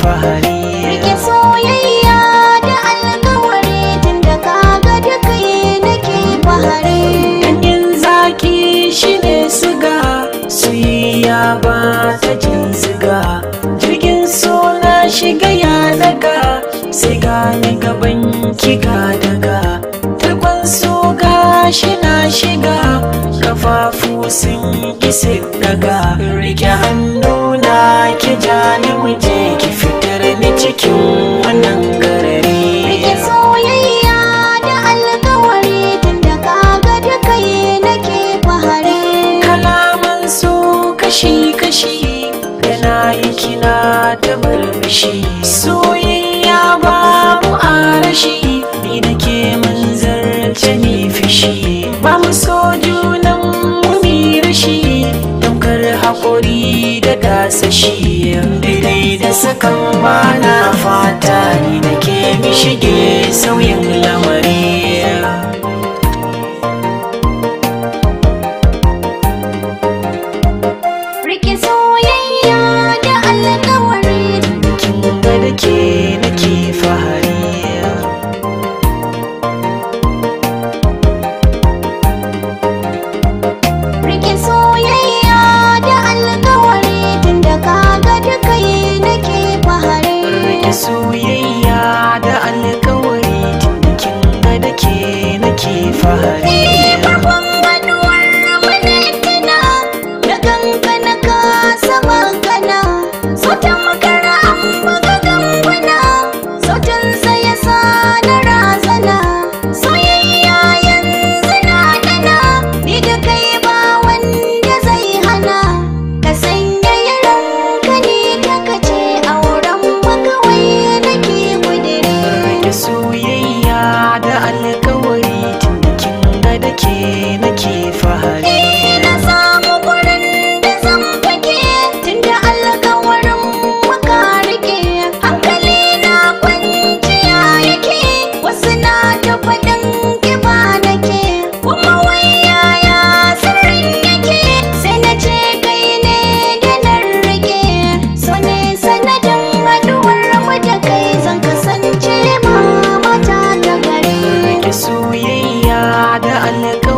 alfahari rike soyayya da alkawari tun da ga da nake bahari ganyen zaki shine suga ya ba ta jin siga jirgin so na shiga ya daga sai gane gaban kika daga tarkon so gashi na shiga kafafu sun ki daga rike hannu na ki ja ni shi yana yi kina da murmushi soyayya ba mu arashi ni da ke manzar ta ni fishi ba mu so junan mu mi rashi tamkar haƙuri da dasashi daidai da sakan ba na fata ni da ke mishige sauyin lamari far a alƙa